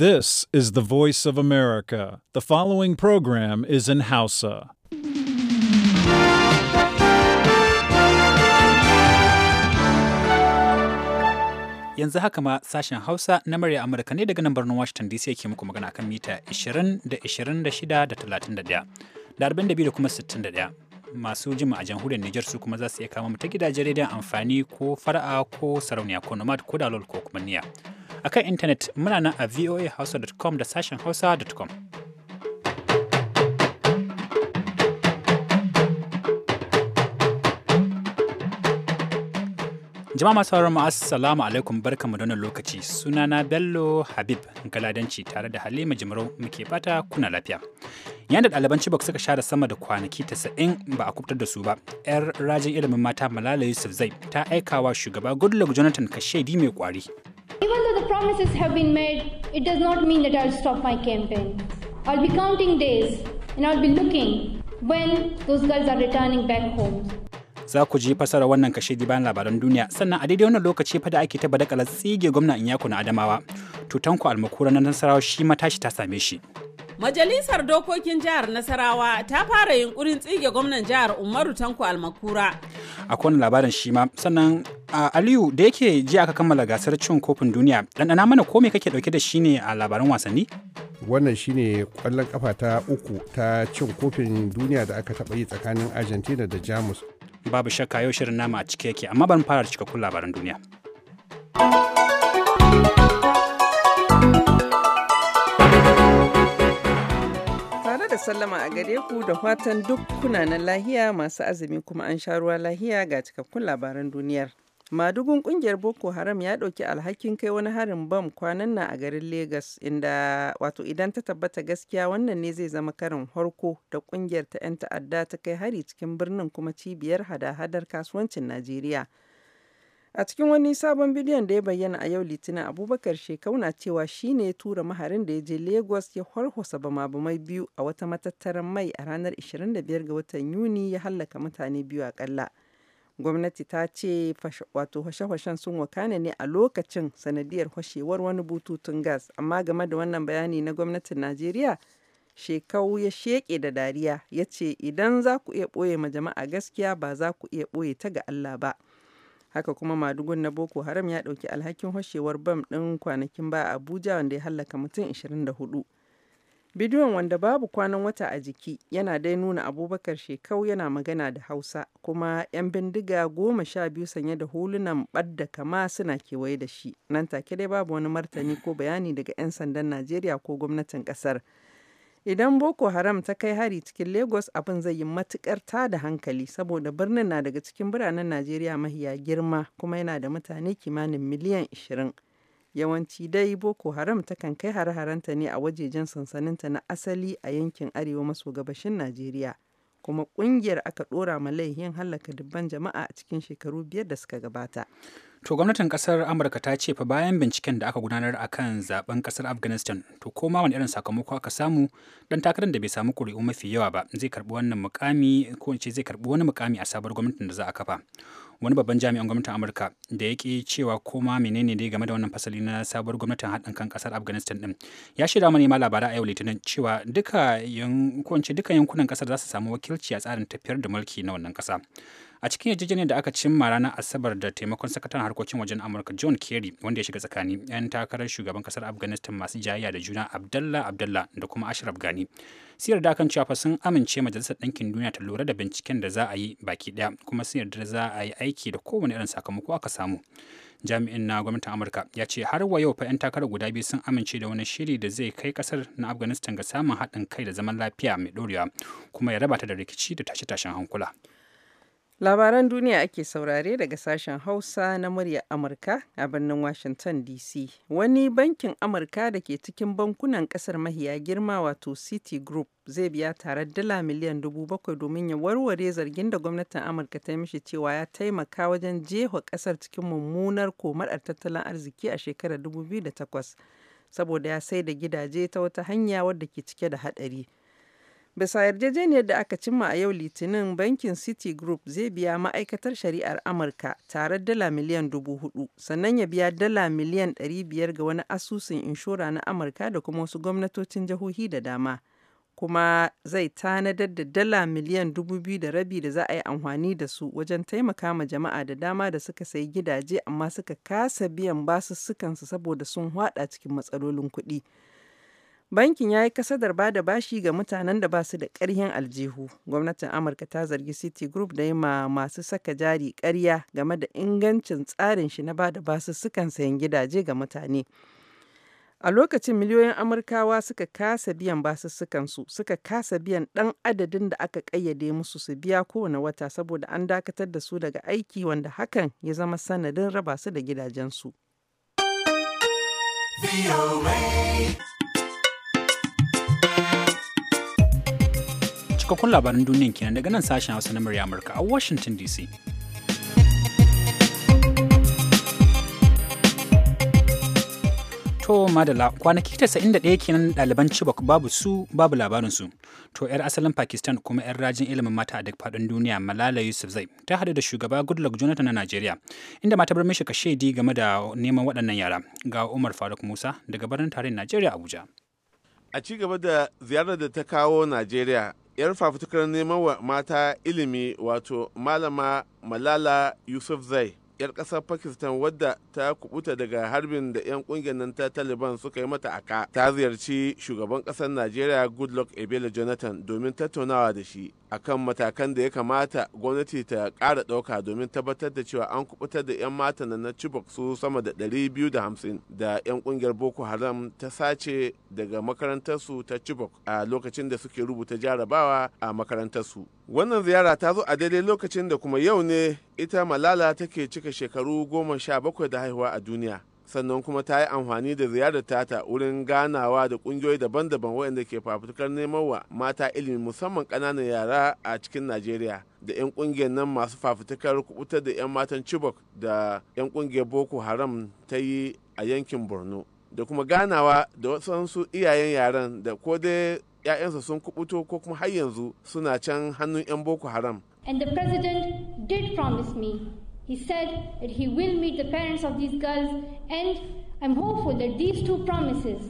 This is the voice of America. The following program is in Hausa. Yanzu haka ma sashen Hausa na murya Amurka ne daga nan birnin Washington DC yake muku magana kan mita 20 da 26 da 31 da da kuma 61. masu jima a jamhuriyar Nijar su kuma za su iya kama mu ta gidajen rediyon amfani ko fara'a ko sarauniya ko nomad ko dalol ko kuma niya. A kan intanet muna nan a voahausa.com da sashen hausa.com. Jama'a masu sauraron mu assalamu alaikum barkan mu donar lokaci. Sunana Bello Habib Galadanci tare da Halima Jimrau muke fata kuna lafiya. Yayin da ɗaliban Chibok suka share sama da kwanaki 90 ba a kubtar da su ba, 'yar rajin ilimin mata Malala Yusuf Zai ta aikawa shugaba Goodluck Jonathan kashedi mai kwari Even though the promises have been made, it does not mean that I'll stop my campaign. I'll be counting days and I'll be looking when those girls are returning back home. Za ku ji fasara wannan kashe bayan labaran duniya sannan a daidai wannan lokaci fa da ake ta badakalar tsige gwamna Inyako na Adamawa. Tutanku almakura na Nasarawa shi matashi ta same shi. Majalisar Dokokin Jihar Nasarawa ta fara yunkurin tsige gwamnan jihar Umaru Tanko Almakura. A kowane labarin shi ma sannan Aliyu da yake ji aka kammala gasar cin kofin duniya ɗanɗana mana ko kake ɗauke da shi ne a labarin wasanni? Wannan shi ne ƙwallon ƙafa ta uku ta cin kofin duniya da aka taɓa yi tsakanin Argentina da Jamus. Babu shakka yau shirin nama a cike yake amma ban fara cikakkun labaran duniya. da sallama a gare ku da fatan duk kunanan lahiya masu azumi kuma an sha ruwa lahiya ga cikakkun labaran duniyar. Madugun kungiyar Boko Haram ya ɗauki alhakin kai wani harin bam kwanan nan a garin Legas inda wato idan ta tabbata gaskiya wannan ne zai zama karin harko da kungiyar ta 'yan ta'adda ta kai hari cikin birnin kuma cibiyar hada-hadar kasuwancin Najeriya. A cikin wani sabon bidiyon da ya bayyana a yau Litinin, Abubakar Shekau na cewa shi ne ya tura maharin da ya je Lagos ya horhosa bama-bamai biyu a wata matattaran mai a ranar 25 ga watan Yuni ya hallaka mutane biyu a kalla Gwamnati ta ce wato hashe-hashen sun wakana ne a lokacin sanadiyar hashewar wani bututun gas, amma game da wannan bayani na gwamnatin Najeriya, Shekau ya sheke da dariya ya ce idan za ku iya ɓoye ma jama'a gaskiya ba za ku iya ɓoye ta ga Allah ba. haka kuma madugun na boko haram ya dauki alhakin hoshewar bam din kwanakin ba a abuja wanda ya hallaka mutum 24 bidiyon wanda babu kwanan wata a jiki yana dai nuna abubakar shekau yana magana da hausa kuma 'yan bindiga goma sha biyu sanye da hulunan badda kama suna kewaye da shi nan take dai babu wani martani ko bayani daga 'yan sandan najeriya ko gwamnatin kasar Idan Boko Haram ta kai hari cikin Lagos abin zai yi matukar ta da hankali saboda birnin na daga cikin biranen Najeriya mahiya girma kuma yana da mutane kimanin miliyan 20. Yawanci dai Boko Haram takan kai hare-harenta ne a wajejen sansaninta na asali a yankin arewa maso gabashin Najeriya. Kuma kungiyar aka dora ma laihin hallaka dubban jama'a a cikin shekaru biyar da suka gabata. To gwamnatin kasar Amurka ta ce fa bayan binciken da aka gudanar a kan zaben kasar Afghanistan to koma wani irin sakamako aka samu dan takarar da bai samu kuri'u mafi yawa ba zai karbi wannan mukami ko ce zai karbi wani mukami a sabar gwamnatin da za a kafa. Wani babban jami'an gwamnatin Amurka da ya cewa koma menene dai game da wannan fasali na sabuwar gwamnatin haɗin kan kasar Afghanistan din. Ya shirya ma labarai a yau Litinin cewa duka yankunan kasar za su samu wakilci a tsarin tafiyar da mulki na wannan kasa. a cikin yarjejeniyar da aka cimma ranar asabar da taimakon sakataren harkokin wajen amurka john kerry wanda ya shiga tsakani yan takarar shugaban kasar afghanistan masu jayayya da juna abdallah abdallah da kuma ashraf gani siyar da kan cewa sun amince majalisar ɗinkin duniya ta lura da binciken da za a yi baki ɗaya kuma sun yarda za a yi aiki da kowane irin sakamako aka samu jami'in na gwamnatin amurka ya ce har wa yau fa 'yan takarar guda biyu sun amince da wani shiri da zai kai kasar na afghanistan ga samun haɗin kai da zaman lafiya mai ɗorewa kuma ya raba ta da rikici da tashe-tashen hankula Labaran duniya ake saurare daga sashen Hausa na Murya Amurka a birnin Washington DC. Wani bankin Amurka da ke cikin bankunan kasar mahiya girma wato City Group zai biya tare dala miliyan dubu bakwai domin ya warware zargin da gwamnatin Amurka ta yi mishi cewa ya taimaka wajen jefa kasar cikin mummunar komar tattalin arziki a shekarar 2008 saboda ya sai da gidaje ta wata hanya wadda ke cike da haɗari. Bisa yarjejeniyar da aka cimma a yau Litinin, bankin city Citigroup zai biya ma'aikatar shari'ar Amurka tare dala miliyan dubu hudu, sannan ya biya dala miliyan ɗari biyar ga wani asusun inshora na Amurka da kuma wasu gwamnatocin jihohi da dama. Kuma zai tanadar da dala miliyan dubu biyu da rabi da za a yi amfani da su wajen taimaka ma jama'a da dama da suka sayi gidaje amma suka kasa biyan basussukansu saboda sun hwada cikin matsalolin kuɗi. Bankin ya yi kasadar ba da bashi ga mutanen da ba su da ƙarhin aljihu. Gwamnatin Amurka ta zargi City Group da yi ma masu saka jari ƙarya game da ingancin tsarin shi na ba da basussukan sayan gidaje ga mutane. A lokacin miliyoyin Amurkawa suka kasa biyan su suka kasa biyan ɗan adadin da aka ƙayyade musu su biya kowane wata saboda an dakatar da su daga aiki wanda hakan ya zama sanadin raba su da gidajensu. cikakkun labaran duniyan kenan daga nan sashen hausa na murya amurka a washington dc To Madala, kwanaki 91 kenan ɗaliban Chibok babu su babu labarin su. To 'yar asalin Pakistan kuma 'yar rajin ilimin mata a duk faɗin duniya Malala yusuf zai ta hadu da shugaba Goodluck Jonathan na Najeriya, inda mata bar mishi kashedi game da neman waɗannan yara. Ga Umar Faruk Musa daga birnin tarayyar Najeriya Abuja. A ci gaba da ziyarar da ta kawo Najeriya, yar fafutukar neman wa mata ilimi wato malama malala yusuf zai 'yar ƙasar pakistan wadda ta kubuta daga harbin da 'yan kungiyar nan ta taliban suka yi mata aka ta ziyarci shugaban ƙasar najeriya goodluck ebele jonathan domin tattaunawa da shi akan matakan da ya kamata gwamnati ta kara ɗauka domin tabbatar da cewa an kubutar da 'yan matan na chibok su sama da 250 da 'yan kungiyar boko haram ta sace daga makarantarsu ta chibok a lokacin da suke rubuta jarabawa a makarantarsu wannan ziyara ta zo a daidai lokacin da kuma yau ne ita malala take cika shekaru goma sha bakwai da haihuwa a duniya sannan kuma ta yi amfani da ziyarar tata wurin ganawa da kungiyoyi daban-daban waɗanda ke fafutukar neman wa mata ilimi musamman ƙananan yara a cikin najeriya da 'yan ƙungiyar nan masu fafutukar kubutar da 'yan matan chibok da 'yan ƙungiyar boko haram ta yi a yankin borno da kuma ganawa da wasansu iyayen yaran da ko dai 'ya'yansa sun kubuto ko kuma har yanzu suna can hannun 'yan boko haram and the president did promise me he said that he will meet the parents of these girls and i'm hopeful that these two promises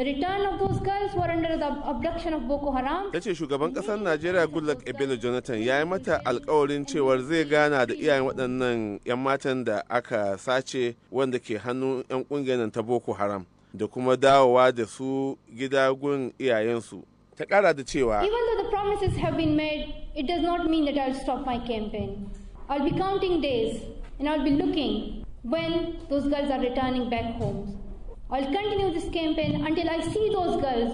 The return of those girls were under the abduction of Boko Haram. yace shugaban kasar Najeriya Goodluck Ebele Jonathan ya yi mata alkawarin cewar zai gana da iyayen waɗannan 'yan matan da aka sace wanda ke hannun 'yan ƙungiyar ta Boko Haram. da kuma dawowa da su gida gun iyayensu ta kara da cewa even though the promises have been made it does not mean that i'll stop my campaign i'll be counting days and i'll be looking when those girls are returning back home i'll continue this campaign until i see those girls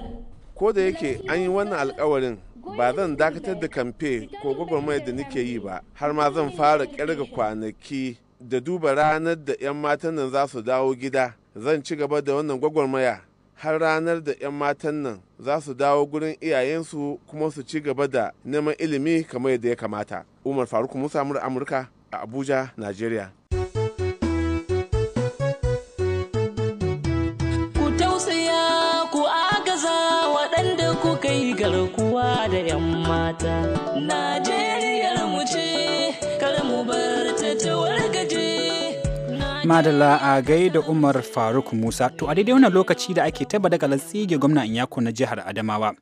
ko da yake an yi wannan alkawarin ba zan dakatar da kamfe ko gwagwarmayar da nake yi ba har ma zan fara kirga kwanaki da duba ranar da 'yan matan nan za su dawo gida zan ci gaba da wannan gwagwarmaya har ranar da 'yan matan nan za su dawo gurin iyayensu kuma su ci gaba da neman ilimi kamar yadda ya kamata umar faruk musa amurka a abuja nigeria ku tausaya ku agaza waɗanda kuka yi garkuwa da 'yan mata najeriya mu ce kar mu bar Madala a gaida Umar Faruk Musa. To a daidai wannan lokaci da ake taba daga latsige gwamna Inyako na jihar Adamawa.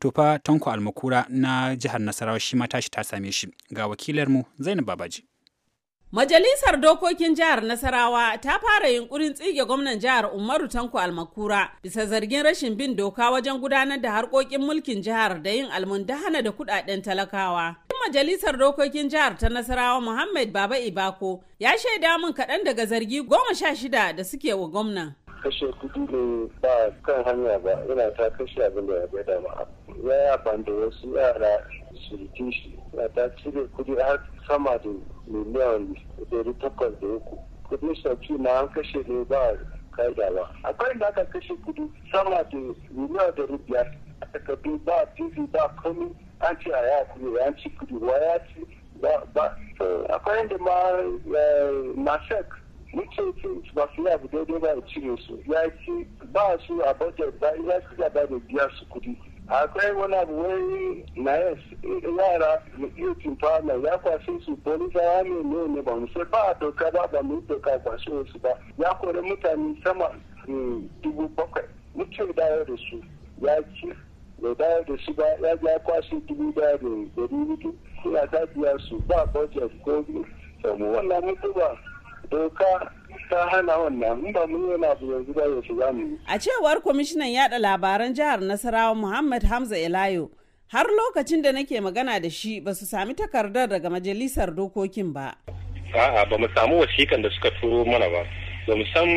To fa Tanko Almakura na jihar Nasarawa shi ma tashi ta same shi. Ga wakilarmu Zainab Babaji. Majalisar Dokokin Jihar Nasarawa ta fara yunkurin tsige gwamnan jihar Umaru Tanko Almakura bisa zargin rashin bin doka wajen gudanar da harkokin mulkin jihar da yin almundahana da kudaden talakawa. Majalisar Dokokin Jihar ta Nasarawa Muhammad Baba Ibako ya shaida min kaɗan daga zargi goma sha shida da suke wa gwamnan. Kashe kudi ne ba kan hanya ba yana ta kashe abin da ya dama. Ya yi da wasu yara su shi ya ta cire kudi har sama da miliyan ɗari takwas da uku kudin sauki na an kashe ne ba kaida ba akwai da aka kashe kudi sama da miliyan ɗari biyar aka kabi ba tv ba komi an ce a ya an ci kudi wa ya ci ba akwai da ma eh, masek mutum ce ba su yi abu daidai ba da cire su ya ci ba su a budget ba ya ci gaba da biya su kudi akwai wani abu wai na yara fama ya kwashe su polisa ya ne ne ne ba musu ba doka ba ba mu doka kwashe ba ya kore mutane sama mm, dubu bakwai mutum dayar da su ya ci da dayar da su ba ya ja kwashe dubu daya da dari hudu suna ta biya su ba budget ko biyu wannan ta hana wannan ba mun yana abu yanzu ba su za mu A cewar kwamishinan yada labaran jihar Nasarawa Muhammad Hamza Elayo har lokacin da nake magana da shi ba su sami takardar daga majalisar dokokin ba. A'a ba mu samu wasikan da suka turo mana ba. Ba mu san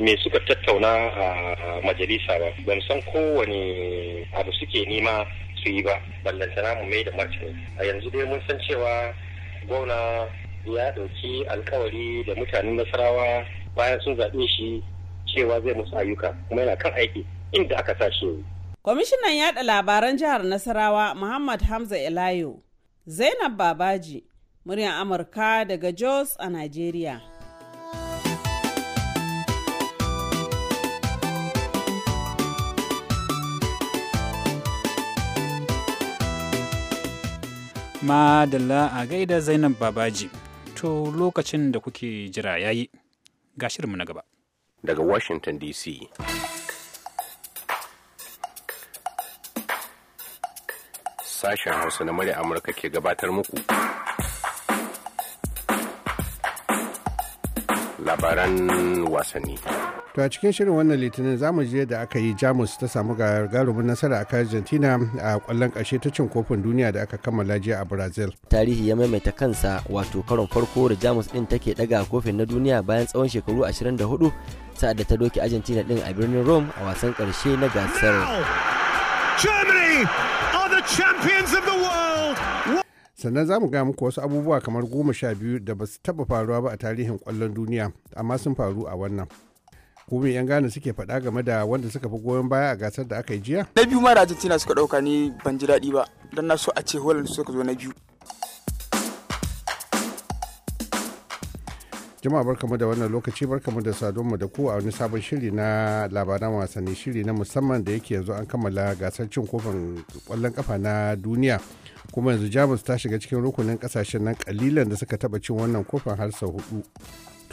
me suka tattauna a majalisa ba. Ba mu san kowane abu suke nema su yi ba. Ballantana mu mai da martini. A yanzu dai mun san cewa gwamna ya ɗauki alkawari da mutanen nasarawa bayan sun zaɓe shi cewa zai musu ayyuka kuma yana kan aiki inda aka sa shi kwamishinan yada labaran jihar nasarawa muhammad hamza elayo zainab babaji muryar amurka daga jos a nigeria madalla a gaida zainab babaji to lokacin da kuke jira yayi ga shirinmu na gaba daga washington dc sashen hausa na Mare amurka ke gabatar muku labaran wasanni To a cikin shirin wannan litinin zamu je da aka yi Jamus ta samu gagarumin nasara a Argentina a kwallon karshe ta cin kofin duniya da aka kammala jiya a Brazil. Tarihi ya maimaita kansa wato karon farko da Jamus din take daga kofin na duniya bayan tsawon shekaru 24 sa'ad da ta doki Argentina din a birnin Rome a wasan karshe na gasar. sannan za mu gaya muku wasu abubuwa kamar goma sha biyu da ba su taba faruwa ba a tarihin kwallon duniya amma sun faru a wannan ko me yan gane suke faɗa game da wanda suka fi goyon baya a gasar da aka yi jiya na biyu mara da argentina suka ɗauka ni ban ji daɗi ba don na so a ce holland suka zo na biyu jama'a barkamu da wannan lokaci barkamu da mu da ku a wani sabon shiri na labaran wasanni shiri na musamman da yake yanzu an kammala gasar cin kofin kwallon kafa na duniya kuma yanzu jamus ta shiga cikin rukunin kasashen nan kalilan da suka taba cin wannan kofin har sau hudu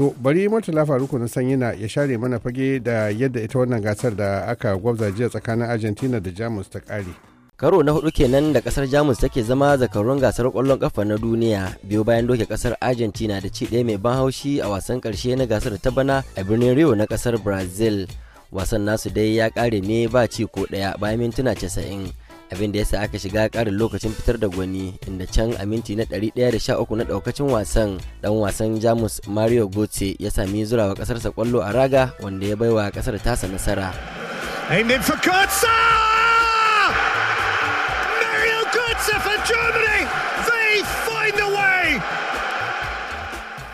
To bari Murtala Faruku na san yana ya share mana fage da yadda ita wannan gasar da aka gwabza jiya tsakanin Argentina da Jamus ta kare. Karo na hudu kenan da kasar Jamus take zama zakarun gasar kwallon kafa na duniya biyo bayan doke kasar Argentina da ci ɗaya mai ban haushi a wasan karshe na gasar ta bana a birnin Rio na kasar Brazil. Wasan nasu dai ya kare ne ba ci ko ɗaya bayan mintuna casa'in. abin da ya sa aka shiga karin lokacin fitar da gwani inda can a minti na 113 na ɗaukacin wasan dan wasan jamus mario gotse ya sami zurawa kasarsa kwallo a raga wanda ya baiwa ta tasa nasara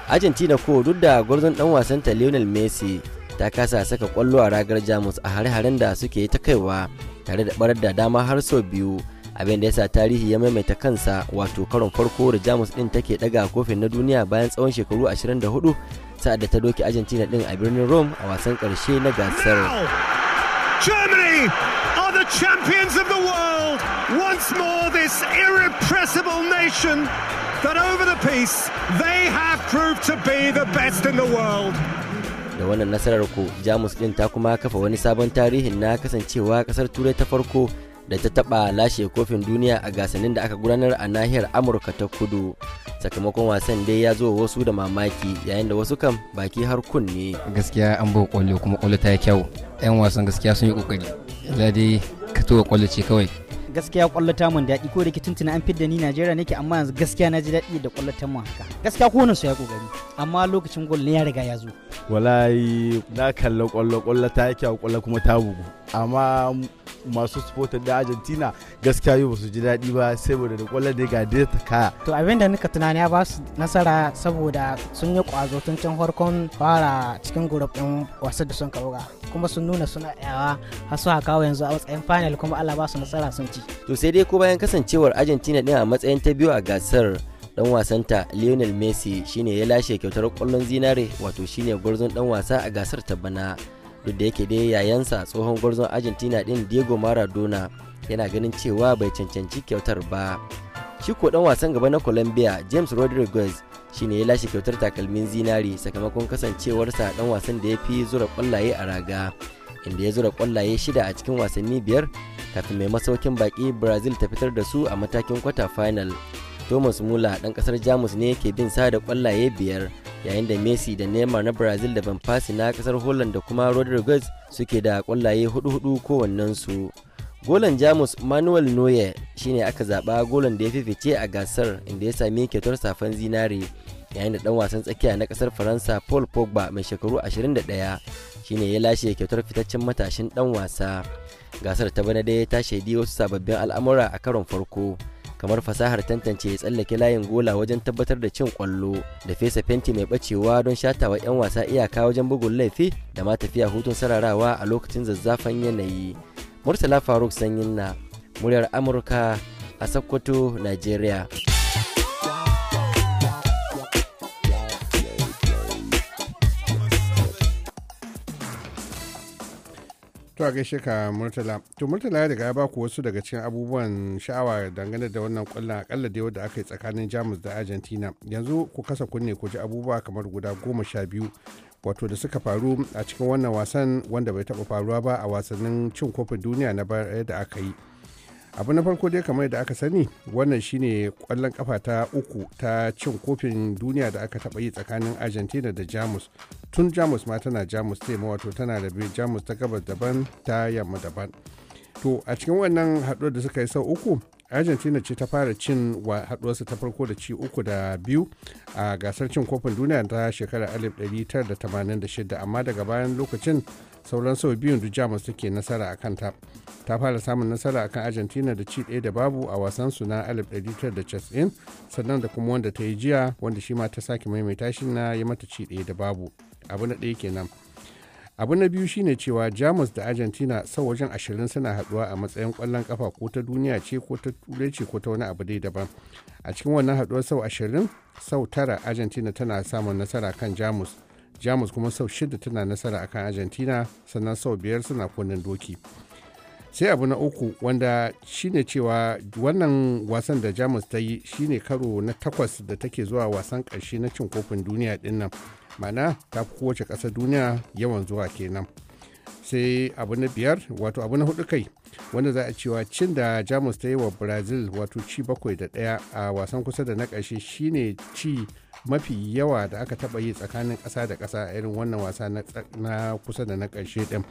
Argentina ko duk da gwarzon ɗan wasanta Lionel Messi ta kasa saka kwallo a ragar Jamus a hare-haren da suke ta kaiwa tare da barar da dama har sau biyu abin da ya sa tarihi ya maimaita kansa wato karon farko da jamus din take daga kofin na duniya bayan tsawon shekaru 24 sa'ad da ta doki argentina din a birnin rome a wasan karshe na gasar Germany are the champions of the world once more this irrepressible nation that over the peace they have proved to be the best in the world da wannan nasarar ku jamus din ta kuma kafa wani sabon tarihin na kasancewa kasar turai ta farko da ta taba lashe kofin duniya a gasannin da aka gudanar a nahiyar amurka ta kudu sakamakon wasan dai ya zo wasu da mamaki yayin da wasu kam baki har kunne gaskiya an ba kwallo kuma kwallo ta yi kyau yan wasan gaskiya sun yi kokari za dai ka kwallo ce kawai gaskiya kwallata mun daɗi ko da ke tuntuna an fidda ni Najeriya nake amma yanzu gaskiya na ji daɗi da kwallo ta mun haka gaskiya ko su ya kokari amma lokacin gol ne ya riga ya zo wallahi na kalla kwallo kwallo ta yi kwallo kuma ta bugu amma masu supporter da argentina gaskiya yau basu ji daɗi ba saboda da kwallon da ga da ta kaya to abinda da nika tunani ya ba su nasara saboda sun yi kwazo tun can farkon fara cikin group din wasu da sun kabuga kuma sun nuna suna yawa har su haka yanzu a matsayin final kuma Allah ba su nasara sun ci to sai dai ko bayan kasancewar argentina din a matsayin ta biyu a gasar dan wasanta Lionel Messi shine ya lashe kyautar kwallon zinare wato shine gwarzon dan wasa a gasar ta bana duk da yake dai yayansa tsohon gwarzon argentina din diego maradona yana ganin cewa bai cancanci kyautar ba shi ko dan wasan gaba na colombia james rodriguez shine ya lashe kyautar takalmin zinari sakamakon kasancewarsa dan wasan da ya fi zura kwallaye a raga inda ya zura kwallaye shida a cikin wasanni biyar kafin mai masaukin baki brazil ta fitar da su a matakin kwata final thomas muller dan kasar jamus ne yake bin sa da kwallaye biyar yayin da messi da neymar na brazil da van na kasar holland da kuma rodriguez suke da kwallaye hudu-hudu kowannensu golan jamus manuel noye shine aka zaba golan da ya fifice a gasar inda ya sami kyautar safan zinare yayin da dan wasan tsakiya na kasar faransa paul pogba mai shekaru 21 shine ya lashe kyautar fitaccen matashin dan wasa gasar ta bana dai ta shaidi wasu sababbin al'amura a karon farko kamar fasahar tantance ya tsallake layin gola wajen tabbatar da cin kwallo da fesa fenti mai bacewa don shatawa 'yan wasa iyaka wajen bugun laifi da ma tafiya hutun sararawa a lokacin zazzafan yanayi murtala faruk sanyin na muryar amurka a sokoto nigeria to a gaishe ka murtala to murtala ya riga ya baku wasu daga cikin abubuwan sha'awa dangane da wannan kwallon akalla da da aka yi tsakanin jamus da argentina yanzu ku kasa kunne ku ji abubuwa kamar guda goma sha biyu wato da suka faru a cikin wannan wasan wanda bai taba faruwa ba a wasannin cin kofin duniya na baya da aka yi abu na farko dai kamar da aka sani wannan shine kwallon kafa ta uku ta cin kofin duniya da aka taba yi tsakanin argentina da jamus tun jamus ma tana jamus ta tema wato tana da biyu jamus ta gabas daban ta yamma daban to a cikin wannan haduwar da suka yi sau uku argentina ce ta fara cin wa haɗuwarsa ta farko da ci uku da biyu a gasar cin kofin duniya ta shekara alif da tamanin da shida amma daga bayan lokacin sauran sau biyun da jamus suke nasara a kanta ta fara samun nasara a kan argentina da ci ɗaya da babu a wasan su na 1990 sannan da kuma wanda ta yi jiya wanda shi ma ta sake maimaita shi na yi mata ci daya da babu abu na ɗaya kenan abu na biyu shine cewa jamus da argentina sau wajen ashirin suna haduwa a matsayin kwallon kafa ko ta duniya ce ko ta turai ce ko ta wani abu dai daban a cikin wannan haduwar sau ashirin sau tara argentina tana samun nasara kan jamus jamus kuma sau shida tana nasara akan argentina sannan sau biyar suna kunnen doki sai abu na uku wanda shine cewa wannan wasan da jamus ta yi shine karo na takwas da take zuwa wasan ƙarshe na cin kofin duniya dinnan mana ta fi kowace ƙasa duniya yawan zuwa kenan sai abu na biyar wato abu na hudu kai wanda za a cewa cin da jamus ta yi wa brazil wato ci bakwai da ɗaya a wasan kusa da na ƙarshe shine ci mafi yawa da aka taba yi tsakanin ƙasa da ƙasa irin wannan wasa na kusa da na ƙarshe ɗin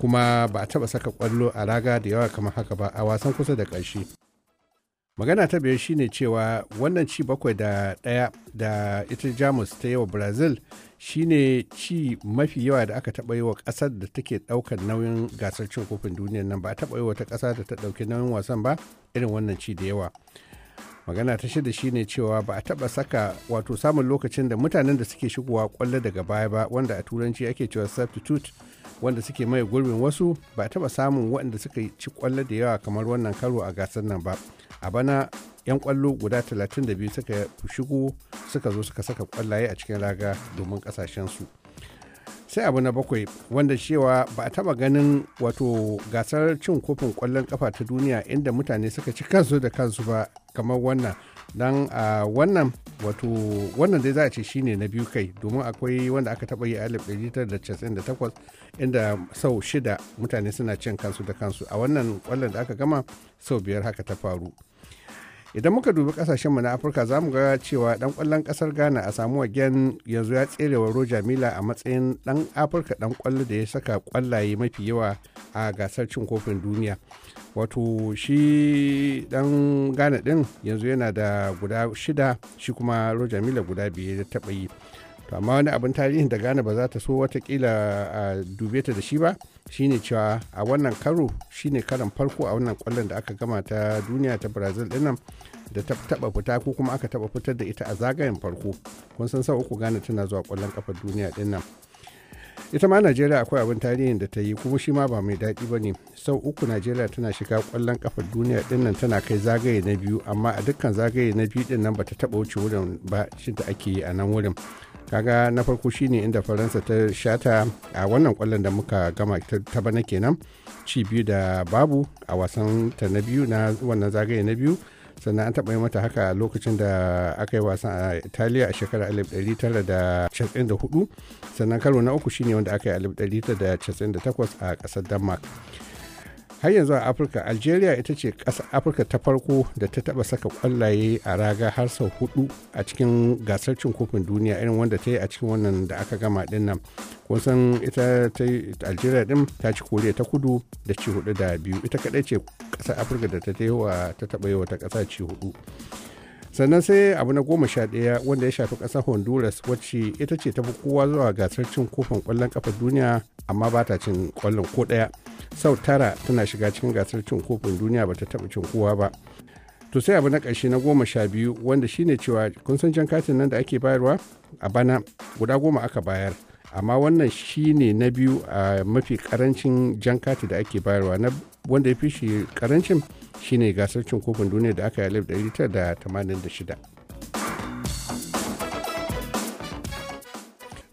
kuma ba a taba saka ƙwallo a raga da yawa kamar haka ba a wasan kusa da ƙarshe magana ta biyar shine cewa wannan ci bakwai da ɗaya da ita jamus ta yi wa brazil shine ci mafi yawa da aka taɓa yi wa ƙasar da take ɗaukar nauyin gasar cin kofin duniya nan ba a taɓa yi wata ƙasa da ta ɗauki nauyin wasan ba irin wannan ci da yawa magana ta shida shine cewa ba a taba saka wato samun lokacin da mutanen da suke shigowa kwallo daga baya ba wanda a turanci ake cewa substitute wanda suke mai gurbin wasu ba a taba samun waɗanda suka ci kwallo da yawa kamar wannan karo a gasar nan ba a bana 'yan kwallo guda 32 suka shigo suka zo suka saka kwallaye a cikin raga domin ƙasashen su sai abu na bakwai wanda cewa ba a taba ganin wato gasar cin kofin kwallon kafa ta duniya inda mutane suka ci kansu da kansu ba kamar wannan don a wannan wato wannan dai za a ce shine na biyu kai domin akwai wanda aka taba yi a 1998 inda sau shida mutane suna cin kansu da kansu a wannan kwallon da aka gama sau biyar haka ta faru idan muka dubi mu na afirka za mu ga cewa dan kwallon kasar ghana a samu wagen yanzu ya tserewa roja mila a matsayin dan afirka dan kwallo da ya saka kwallaye mafi yawa a gasar cin kofin duniya wato shi dan ghana din yanzu yana da guda shida shi kuma roja mila guda biyu da taba yi to amma wani abin tarihin da ghana ba za ta so watakila a dube ta da shi ba shine cewa a wannan karo shine karan farko a wannan kwallon da aka gama ta duniya ta brazil dinnan da ta taba fita ko kuma aka taba fitar da ita a zagayen farko kun san sau uku gane tana zuwa kwallon kafar duniya dinnan ita ma najeriya akwai abin tarihin da ta yi kuma shi ma ba mai daɗi ba ne sau uku najeriya tana shiga kwallon kafar duniya dinnan tana kai zagaye na biyu amma a dukkan zagaye na biyu dinnan ba ta taba wuce wurin ba shi da ake yi a nan wurin kaga na farko shine inda faransa ta shata a wannan kwallon da muka gama ta bana kenan ci biyu da babu a wasan ta na biyu na wannan zagaye na biyu sannan an taɓa yi mata haka a lokacin da aka yi wasan a italiya a shekarar 1994 sannan karo na uku shine wanda aka yi 1998 a ƙasar denmark har yanzu a afirka algeria ita ce ƙasa afirka ta farko da ta taɓa saka ƙwallaye a raga har sau hudu a cikin gasar cin kofin duniya irin wanda ta yi a cikin wannan da aka gama ɗin nan kusan ita ta algeria ɗin ta ci koriya ta kudu da ci hudu da biyu ita kaɗai ce ƙasa afirka da ta ta taɓa yi wata ƙasa ci hudu sannan sai abu na goma sha ɗaya wanda ya shafi ƙasar honduras wacce ita ce ta fi kowa zuwa gasar cin kofin kwallon ƙafa duniya amma ba ta cin ƙwallon ko ɗaya sau tara tana shiga cikin gasar cin kofin duniya bata taba cin kowa ba to sai abu na ƙarshe na goma sha biyu wanda shine cewa kun san jan katin nan da ake bayarwa a bana guda goma aka bayar amma wannan shine na biyu a mafi karancin jan katin da ake bayarwa na wanda ya fi shi karancin shine gasar cin kofin duniya da aka yi 1986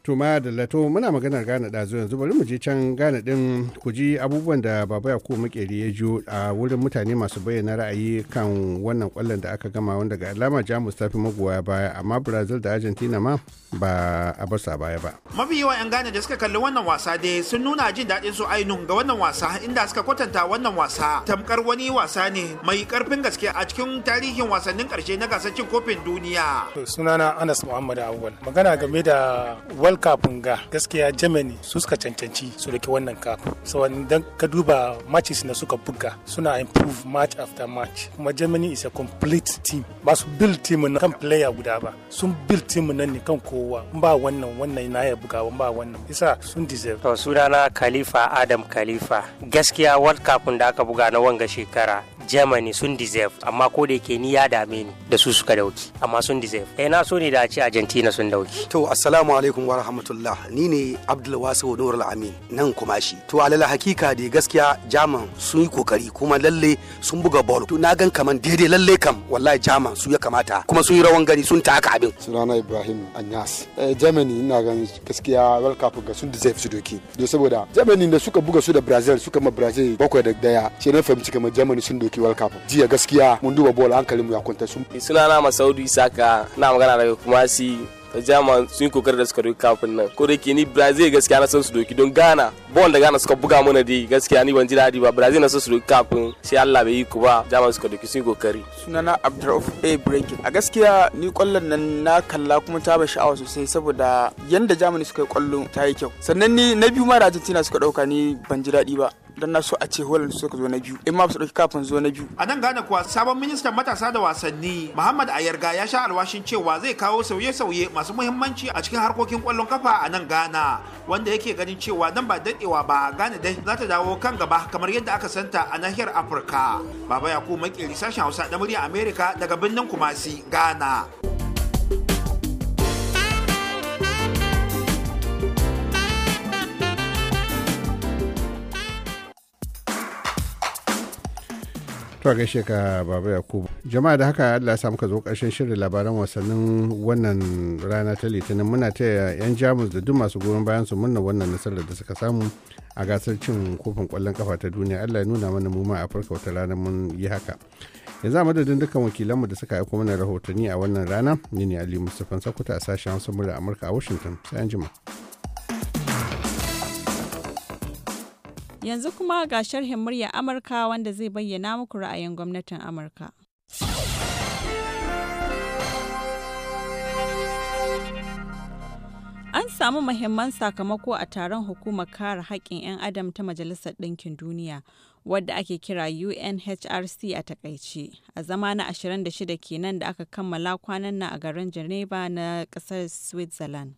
to ma da lato muna maganar gane ɗazu yanzu bari mu je can gane ɗin ku ji abubuwan da baba ya ko makeri ya jiyo a wurin mutane masu bayyana ra'ayi kan wannan kwallon da aka gama wanda ga alama jamus ta fi magoya baya amma brazil da argentina ma ba a sa baya ba mafi yawa yan gane da suka kalli wannan wasa dai sun nuna jin daɗin su ainun ga wannan wasa inda suka kwatanta wannan wasa tamkar wani wasa ne mai karfin gaske a cikin tarihin wasannin karshe na gasar cin kofin duniya sunana anas muhammad abubuwan magana game da wal tun kafin ga gaskiya jamani su suka cancanci su dake wannan cup saboda dan ka duba matches na suka buga suna improve match after match kuma germany is a complete team ba su build team na kan player guda ba sun build team nan ne kan kowa ba wannan wannan na ya buga ba wannan isa sun deserve to sunana khalifa adam khalifa gaskiya world cup da aka buga na wanga shekara germany sun deserve amma ko da yake ni ya dame ni da su suka dauki amma sun deserve eh na so ne da a ce argentina sun dauki to assalamu alaikum wa rahmatullah ni ne abdul wasu nur amin nan kuma shi to alal hakika da gaskiya jaman sun yi kokari kuma lalle sun buga ball to na gan kaman daidai lalle kam wallahi jaman su ya kamata kuma sun yi rawan gani sun taka abin sunana ibrahim anyas eh, germany ina gan gaskiya world cup ga sun deserve su doki don saboda germany da suka buga su da brazil suka ma brazil bakwai da daya ce na fahimci kamar germany sun doki Turkey World Cup jiya gaskiya mun duba bola hankali mu ya kwanta sun eh, sunana Masaudu Isaka na magana daga Kumasi ta jama sun yi kokarin da suka doki kafin nan ko da ke ni brazil gaskiya na san su doki don ghana bon da ghana suka buga mana dai gaskiya ni ban ji daɗi ba brazil na san su doki kafin sai allah bai yi ku ba jama suka doki sun yi kokari sunana abdurrauf a breaking a gaskiya ni kwallon nan na kalla kuma ta ba sha'awa sosai saboda yanda germany suka yi kwallon ta yi kyau sannan ni na biyu ma da argentina suka ɗauka ni ban ji daɗi ba don na so a ce Holland suka zo na biyu in ma su ɗauki kafin zo na biyu. A nan gane kuwa sabon ministan matasa da wasanni Muhammad Ayarga ya sha alwashin cewa zai kawo sauye-sauye masu muhimmanci a cikin harkokin kwallon kafa a nan gana wanda yake ganin cewa nan ba daɗewa ba Ghana dai za ta dawo kan gaba kamar yadda aka santa a nahiyar Afirka. Baba Yakubu Makeri sashen Hausa da murya Amerika daga birnin Kumasi, Ghana. Kuka gaishe ka Baba Yakubu. Jama'a da haka Allah ya samu ka zo ƙarshen shirin labaran wasannin wannan rana ta Litinin muna taya 'yan Jamus da duk masu goyon bayan su murna wannan nasarar da suka samu a gasar cin kofin ƙwallon kafa ta duniya. Allah ya nuna mana mu ma Afirka wata rana mun yi haka. Yanzu a madadin dukkan wakilanmu da suka aiko mana rahotanni a wannan rana, ni ne Ali Mustapha Sakuta a sashen Hausa Amurka a Washington. Sai an jima. Yanzu kuma ga sharhin murya Amurka wanda zai bayyana muku ra'ayin gwamnatin Amurka. An samu mahimman sakamako a taron hukumar kare haƙƙin 'yan adam ta Majalisar Ɗinkin Duniya. wadda ake kira UNHRC a takaice a zama na 26 kenan da aka kammala kwanan nan a garin Geneva na ƙasar Switzerland.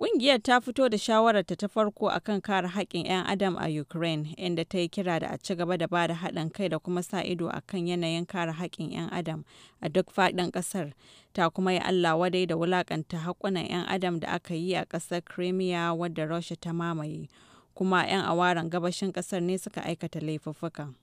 Ƙungiyar ta fito da shawararta ta farko akan kare haƙƙin 'yan adam a Ukraine, inda ta yi kira da a ci gaba da ba da haɗin kai da kuma sa ido akan yanayin kare haƙƙin 'yan adam a duk faɗin ƙasar, ta kuma yi Allah wadai da wulaƙanta haƙƙunan 'yan adam da aka yi a ƙasar Crimea wadda Rasha ta mamaye, kuma 'yan awaren gabashin ƙasar ne suka aikata laifuffuka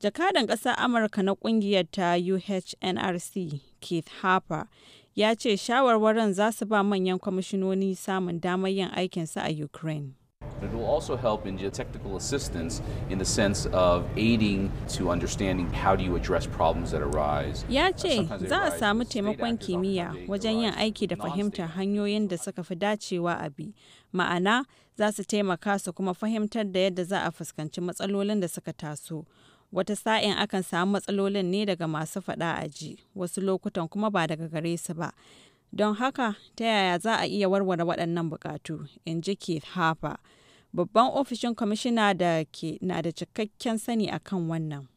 Jakadan ƙasar Amurka na ƙungiyar ta UHNRC, Keith Harper, ya ce shawarwarin za su ba manyan kwamishinoni samun damar yin aikinsa a Ukraine. It will also help in technical assistance in the sense of aiding to understanding how do you address problems that arise. Ya uh, ce za a samu taimakon kimiyya wajen yin aiki da fahimtar hanyoyin da suka fi dacewa a bi. Ma'ana za su taimaka su kuma fahimtar da yadda za a fuskanci matsalolin da suka taso. wata sa'in akan samu matsalolin ne daga masu faɗa a ji wasu lokutan kuma ba daga gare su ba don haka ta yaya za a iya warware waɗannan bukatu in ji keith harper babban ofishin kwamishina da ke na da cikakken sani akan wannan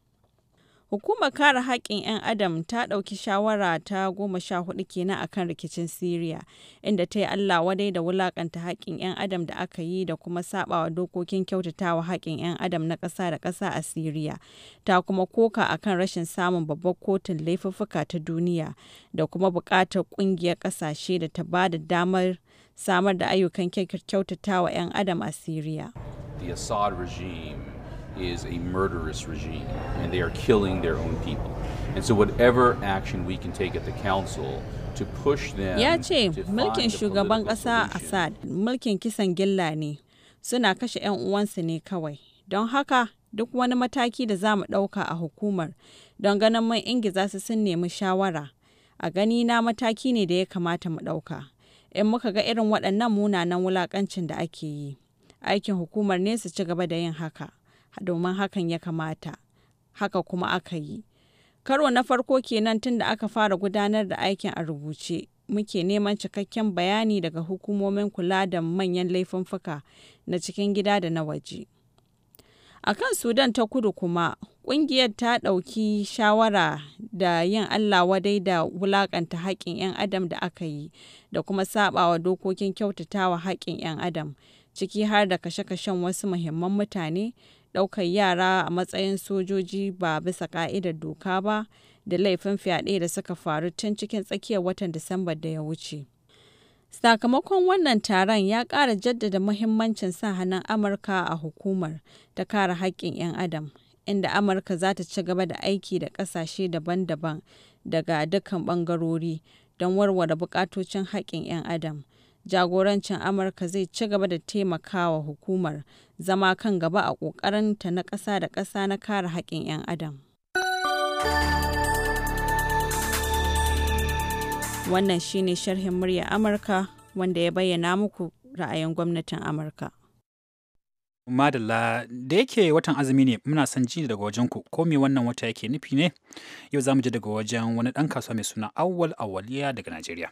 Hukumar kare haƙƙin 'yan Adam ta ɗauki shawara ta goma sha hudu kenan akan rikicin Siriya, inda ta yi Allah wadai da wulaƙanta haƙƙin 'yan Adam da aka yi da kuma saɓawa dokokin kyautatawa haƙƙin 'yan Adam na ƙasa da ƙasa a Siriya, ta kuma koka akan rashin samun babbar kotun laifuffuka ta duniya da kuma buƙatar ƙungiyar ƙasashe da ta ba da damar samar da ayyukan kyautatawa 'yan Adam a Siriya. The Assad regime is a murderous regime, and they are killing their own people. And so, whatever action we can take at the council them. Ya ce, mulkin shugaban ƙasa Assad mulkin kisan gilla ne, suna kashe 'yan uwansu ne kawai. Don haka, duk wani mataki da za mu ɗauka a hukumar don ganin mun ingiza su sun nemi shawara. A gani na mataki ne da ya kamata mu ɗauka. In muka ga irin waɗannan munanan wulaƙancin da ake yi, aikin hukumar ne su ci gaba da yin haka. domin hakan ya kamata haka kuma aka yi karo na farko kenan tun da aka fara gudanar da aikin a rubuce muke neman cikakken bayani daga hukumomin kula da manyan laifuffuka na cikin gida da na waje a kan sudan ta kudu kuma ƙungiyar ta ɗauki shawara da yin allah wadai da wulaƙanta haƙƙin 'yan adam da aka yi da kuma saɓawa dokokin kyautatawa haƙƙin 'yan adam ciki har da kashe-kashen wasu muhimman mutane ɗaukar yara a matsayin sojoji ba bisa ƙa'idar doka ba da laifin fyaɗe da suka faru tun cikin tsakiyar watan Disamba da ya wuce. Sakamakon wannan taron ya ƙara jaddada muhimmancin sa hannun Amurka a hukumar ta kare haƙƙin 'yan Adam, inda Amurka za ta ci gaba da aiki da ƙasashe daban-daban daga dukkan ɓangarori don warware buƙatocin haƙƙin 'yan Adam. jagorancin Amurka zai ci gaba da taimakawa hukumar zama kan gaba a ƙoƙarinta na ƙasa da ƙasa na kare haƙƙin 'yan adam. Wannan shine sharhin murya Amurka wanda ya bayyana muku ra'ayin gwamnatin Amurka. Madalla da yake watan azumi ne muna son ji daga wajen ku ko me wannan wata yake nufi ne yau za mu ji daga wajen wani ɗan kasuwa mai suna awwal awwaliya daga Najeriya.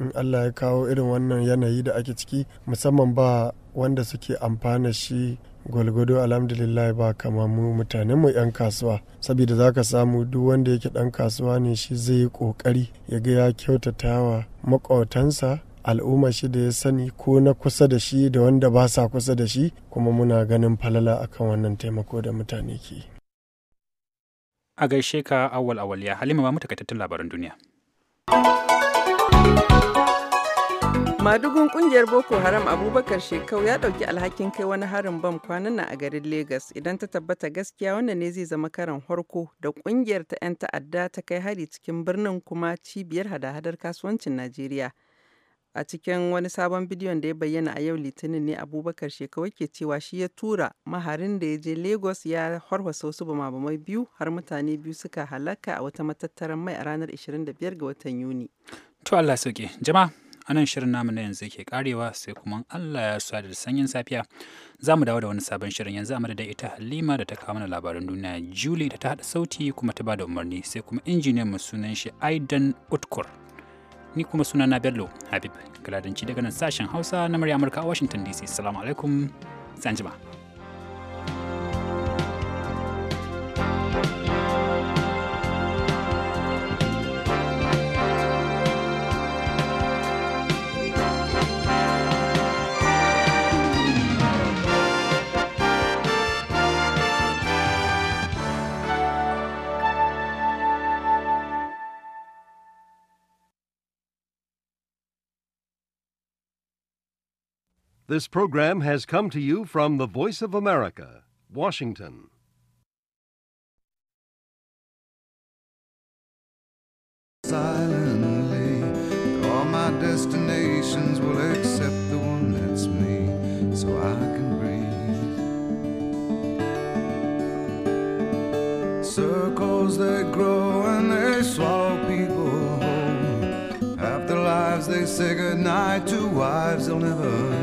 in allah ya kawo irin wannan yanayi da ake ciki musamman ba wanda suke amfana shi gwalgwado alhamdulillah ba kama mu mutane mu 'yan kasuwa saboda za ka samu duk wanda yake dan kasuwa ne shi zai yi kokari ya ga ya kyautata wa maƙotansa al'umma shi da ya sani ko na kusa da shi da wanda ba sa kusa da shi kuma muna ganin falala akan wannan taimako da mutane ke a gaishe ka awal awal ya halima ba mu takaitattun labaran duniya madugun kungiyar boko haram abubakar shekau ya dauki alhakin kai wani harin bam kwanan nan a garin lagos idan ta tabbata gaskiya wannan ne zai zama karan harko da kungiyar ta 'yan ta'adda ta kai hari cikin birnin kuma cibiyar hada-hadar kasuwancin najeriya a cikin wani sabon bidiyon da ya bayyana a yau litinin ne abubakar shekau ke cewa shi ya tura maharin da ya je lagos ya harwasa wasu bamabamai biyu har mutane biyu suka halaka a wata matattaran mai a ranar 25 ga watan yuni to allah sauke jama'a anan shirin namu na yanzu ke karewa sai kuma Allah ya sa da sanyin safiya za mu dawo da wani sabon shirin yanzu a da ita Halima da ta kawo mana labaran duniya Julie da ta haɗa sauti kuma ta bada umarni sai kuma injiniyan mu sunan shi Aidan Utkur ni kuma suna na Bello Habib galadanci daga nan sashen Hausa na murya Amurka a Washington DC assalamu alaikum sanjima This program has come to you from the Voice of America, Washington. Silently, all my destinations will accept the one that's me, so I can breathe. Circles they grow and they swallow people whole. After lives they say goodnight to wives they'll never